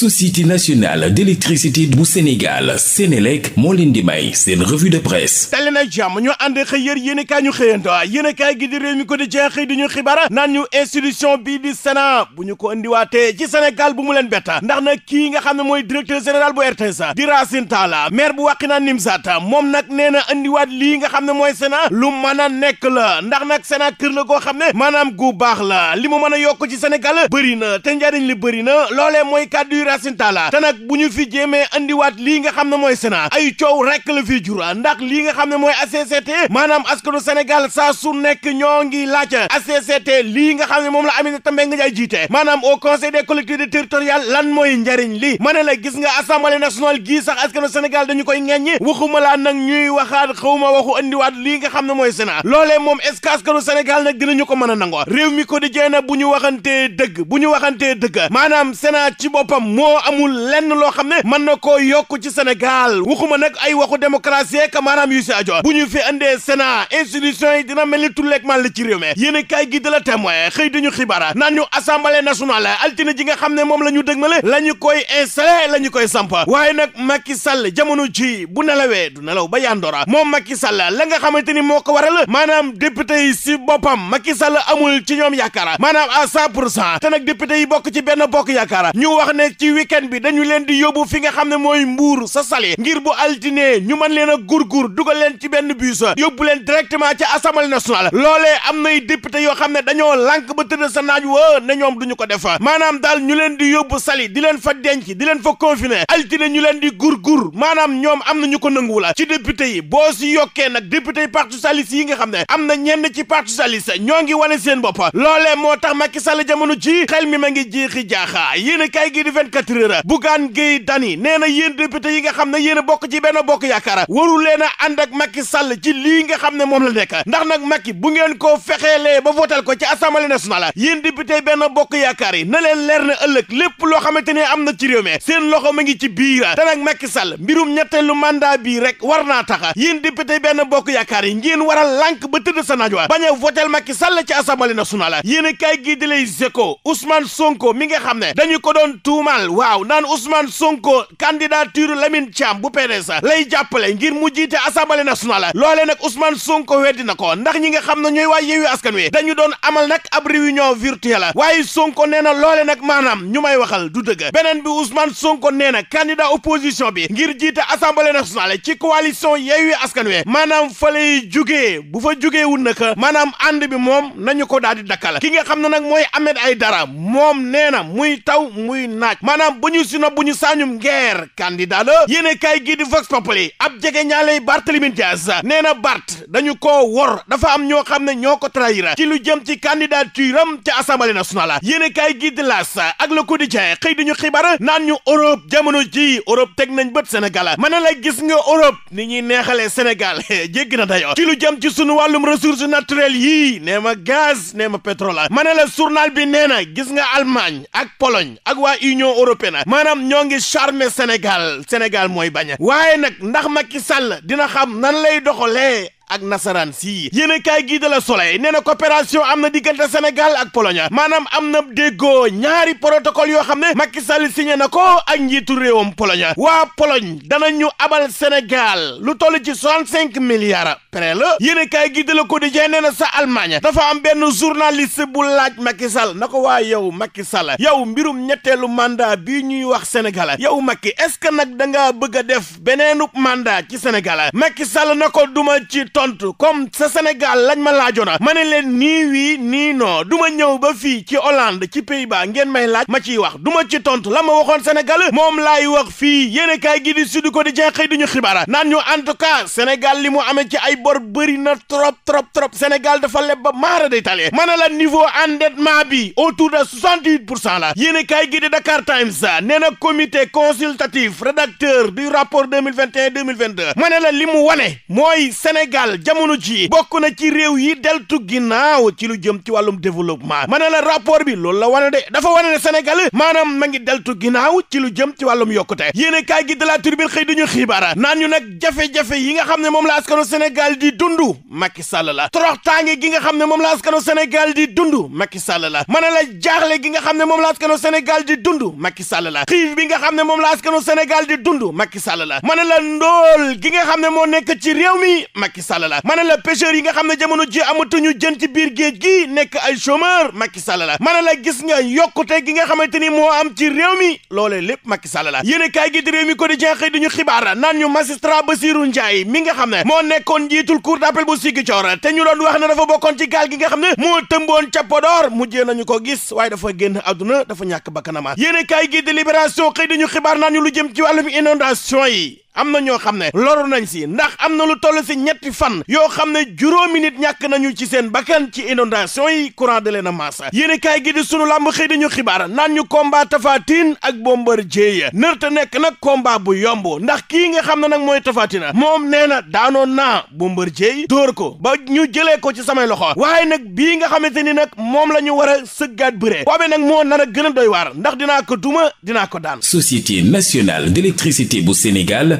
société nationale d'électricité bu Sénégal Sénélec moo leen di may de presse tali na jàmm ñu ànd xëy yër yéen ñu xëyanto yéen i kaay gi di réew mi ko di jeex xëy di ñu xibaar naan ñu institution bii di bu ñu ko indiwaatee ci Sénégal bu mu leen bett ndax nag kii nga xam ne mooy directeur général bu RTS di Racine Talla maire bu Wakhinane Nimzatt moom nag nee na indiwaat lii nga xam ne mooy Sénat lu ma a nekk la ndax nag Sénat kër la koo xam ne maanaam gu baax la li mu mën a yokk ci Sénégal bëri na te njariñ li bëri na loolee mooy Racine Talla te nag bu ñu fi jéemee andiwaat lii nga xam na mooy Sénat ay coow rek la fi jura ndax lii nga xam ne mooy a ACCT maanaam askanu Sénégal saa su nekk ñoo ngi laaj ACCT lii nga xam ne moom la Aminata Mbengue Ndiaye jiite maanaam au conseil des collectivités territoriales lan mooy njariñ li ma ne la gis nga assemblée nationale gii sax askanu Sénégal ñu koy ŋeññi waxuma laa nag ñuy waxaat xawma waxu andiwaat lii nga xam ne mooy Sénat loolee moom est-ce que askanu Sénégal nag ko mën a nangoo réew mi ko di jeena bu ñu waxantee dëgg bu ñu waxantee dëgg maanaam Sénat ci boppam moo amul lenn loo xam ne mën na koo yokk ci Sénégal waxuma nag ay waxu démocratie ak maanaam yu si ajo bu ñu fi andee Sénat institution yi dina mel ni tulleeg man li ci réew mi yéen a kaay gi de la témoin xëy dañu xibaar naan ñu assemblée nationale altine ji nga xam ne moom la ñu dëgmale la ñu koy installé la ñu koy samp waaye nag Macky Sall jamono ji bu nelawee du nelaw ba yàndoora moom Macky Sall la nga xamante ni moo ko waral maanaam député yi si boppam Macky Sall amul ci ñoom yaakaar maanaam à cent pour cent te nag bokk ci benn bokk yaakaar ci week-end bi dañu leen di yóbbu fi nga xam ne mooy mbuur sa sali ngir bu altine ñu man leen a gurgur dugal leen ci benn bus yóbbu leen directement ci assemblée nationale loolee am nay député yoo xam ne dañoo lànk ba tëdd sa naaj wa ne ñoom du ñu ko def maanaam daal ñu leen di yóbbu sali di leen fa denc di leen fa confiné altine ñu leen di gurgur maanam ñoom am na ñu ko nanguwu la ci député yi boo yokkee nag député yi parti socialiste yi nga xam ne am na ñenn ci parti socialiste ñoo ngi wane seen bopp loolee moo tax Macky Sall jamono ji xel mi ma ngi jeexi jaaxa yéen vingt-quatre heures Bougane Gueye Dany nee yi nga xam ne yéen a bokk ci benn bokk yaakaar waru leen a ànd ak Macky ci lii nga xam ne moom la nekk ndax nag Macky bu ngeen ko fexeelee ba votal ko ci assemblée nationale yéen député benn bokk yaakaar yi na leen leer na ëllëg lépp loo xamante ne am na ci réew seen loxo ma ngi ci biir te nag Macky Sall mbirum ñetteelu mandat bii rek war naa tax yéen député benn bokk yaakaar yi ngeen war a lànk ba tëdd sa naaj wa bañ a votel Macky Sall ci assemblée nationale yéen a kaay gii di lay Zeko Ousmane Sonko mi nga xam ne dañu waaw naan Ousmane Sonko candidature Lamine caam bu PDS lay jàppale ngir mu jiite assemblée nationale loolee nag Ousmane Sonko weddi na ko ndax ñi nga xam ne ñooy waa Yewwi Askan Wi dañu doon amal nag ab réunion virtuelle waaye Sonko neena loole nag maanaam ñu may waxal du dëgg beneen bi Ousmane Sonko nee na candidat opposition bi ngir jiite assemblée nationale ci coalition Yewwi Askan Wi maanaam fa lay jugee bu fa jugee wul nag maanaam ànd bi moom nañu ko daal di dakkal ki nga xam ne nag mooy Ahmed Aïdara moom nee na muy taw muy naaj maanaam bu ñu suna bu ñu saañum ngeer candidat la yéene kaay gii di Vox Populi ab jege ñaale Barthélémy Dias nee na Bart dañu koo wor dafa am ñoo xam ne ñoo ko trahir ci lu jëm ci candidature am ca assemblée nationale yéene kaay gii di L'As ak Le Quotidien xëy di ñu xibaar naan ñu Europe jamono ji Europe teg nañ bët Sénégal ma ne la gis nga Europe ni ñuy neexalee Sénégal jéggi na dayo ci lu jëm ci sunu wàllum ressources naturelles yii nee ma gaz nee ma pétrole ma ne la journal bi nee na gis nga Allemagne ak Pologne ak waa Union européenne maanaam ñoo ngi charmer Sénégal Sénégal mooy bañ waaye nag ndax Macky Sall dina xam nan lay doxalee ak nasaraan sii yéen a kaay gii de la Soleil nee na coopération am na diggante Sénégal ak Pologne maanaam am na déggoo ñaari protocole yoo xam ne Macky Sall signé na ko ak njiitu réewam Pologne waa dana danañu abal senegal lu toll ci soixante-cinq milliards près la yéen a kaay gii de la Quotidien nee na sa Allemagne dafa am benn journaliste bu laaj Macky Sall na ko waa yow Macky Sall yow mbirum ñetteelu mandat bii ñuy wax Sénégal yow Macky est-ce que nag da ngaa bëgg a def beneenu mandat ci Sénégal Sall na ko duma tontu comme sa Sénégal lañ ma laajoona ma ne leen nii wii nii non du ma ñëw ba fii ci Hollande ci Pays-Bas ngeen may laaj ma ciy wax du ma ci tontu la ma waxoon Sénégal moom laay wax fii yéen a kaay gi di Sud Quotidien xëy duñu xibaar naan ñu en tout cas Sénégal li mu amee ci ay bor bëri na trop trop trop Sénégal dafa leb ba maara day ma ne la niveau endettement bi autour de 68 pour cent la yéen a kaay gi di Dakar Times nee na comité consultatif rédacteur du rapport 2021 2022 ma ne la li mu wane mooy Sénégal Sénégal jamono ji bokk na ci réew yi deltu ginnaaw ci lu jëm ci wàllum développement ma na la rapport bi loolu la wane de dafa wane ne Sénégal maanaam ma ngi deltu ginnaaw ci lu jëm ci wàllum yokkute yéene kaay gi de la turbine xëy duñu xibaara naan ñu nag jafe-jafe yi nga xam ne moom la askanu Sénégal di dund Macky Sall la toroxtaange gi nga xam ne moom la askanu Sénégal di dund Macky Sall la ma ne la jaaxle gi nga xam ne moom la askanu Sénégal di dundu Macky Sall la xiif bi nga xam ne moom la askanu Sénégal di dund Macky Sall la ma ne la ndool gi nga xam ne moo nekk ci réew mi Macky Sall Sall la ma ne la pêcheurs yi nga xam ne jamono ji amatuñu jën ci biir géej gi nekk ay chômeur Macky Sall la ma ne la gis nga yokkute gi nga xamante ni moo am ci réew mi loole lépp Macky Sall la yéen a kaay gi di réew mi quotidien xëy di ñu xibaar naan ñu magistrat Bassirou Ndiaye mi nga xam ne moo nekkoon njiitul cour d'appel bu Ziguinchor te ñu doon wax ne dafa bokkoon ci gaal gi nga xam ne moo tëmboon ca Podor mujjee nañu ko gis waay dafa génn àdduna dafa ñàkk bakkanam yéen a kaay gi di libération xëy ñu lu jëm ci wàllum inondation yi am na ñoo xam ne loru nañ si ndax am na lu toll si ñetti fan yoo xam ne juróomi nit ñàkk nañu ci seen bakkan ci inondation yi courant de leen a maas yéen kaay gi di sunu làmb xëy dañu xibaar naan ñu combat tafaatin ak Bombardier nërta nekk nag combat bu yomb ndax kii nga xam ne nag mooy tafaatina moom nee na daanoon naa Bombardier dóor ko ba ñu jëlee ko ci samay loxo waaye nag bii nga xamante ni nag moom la ñu war a sëggaat bëree boobee nag moo nar a gën a doy ndax dinaa ko duma dinaa ko daan société nationale d'électricité bu Sénégal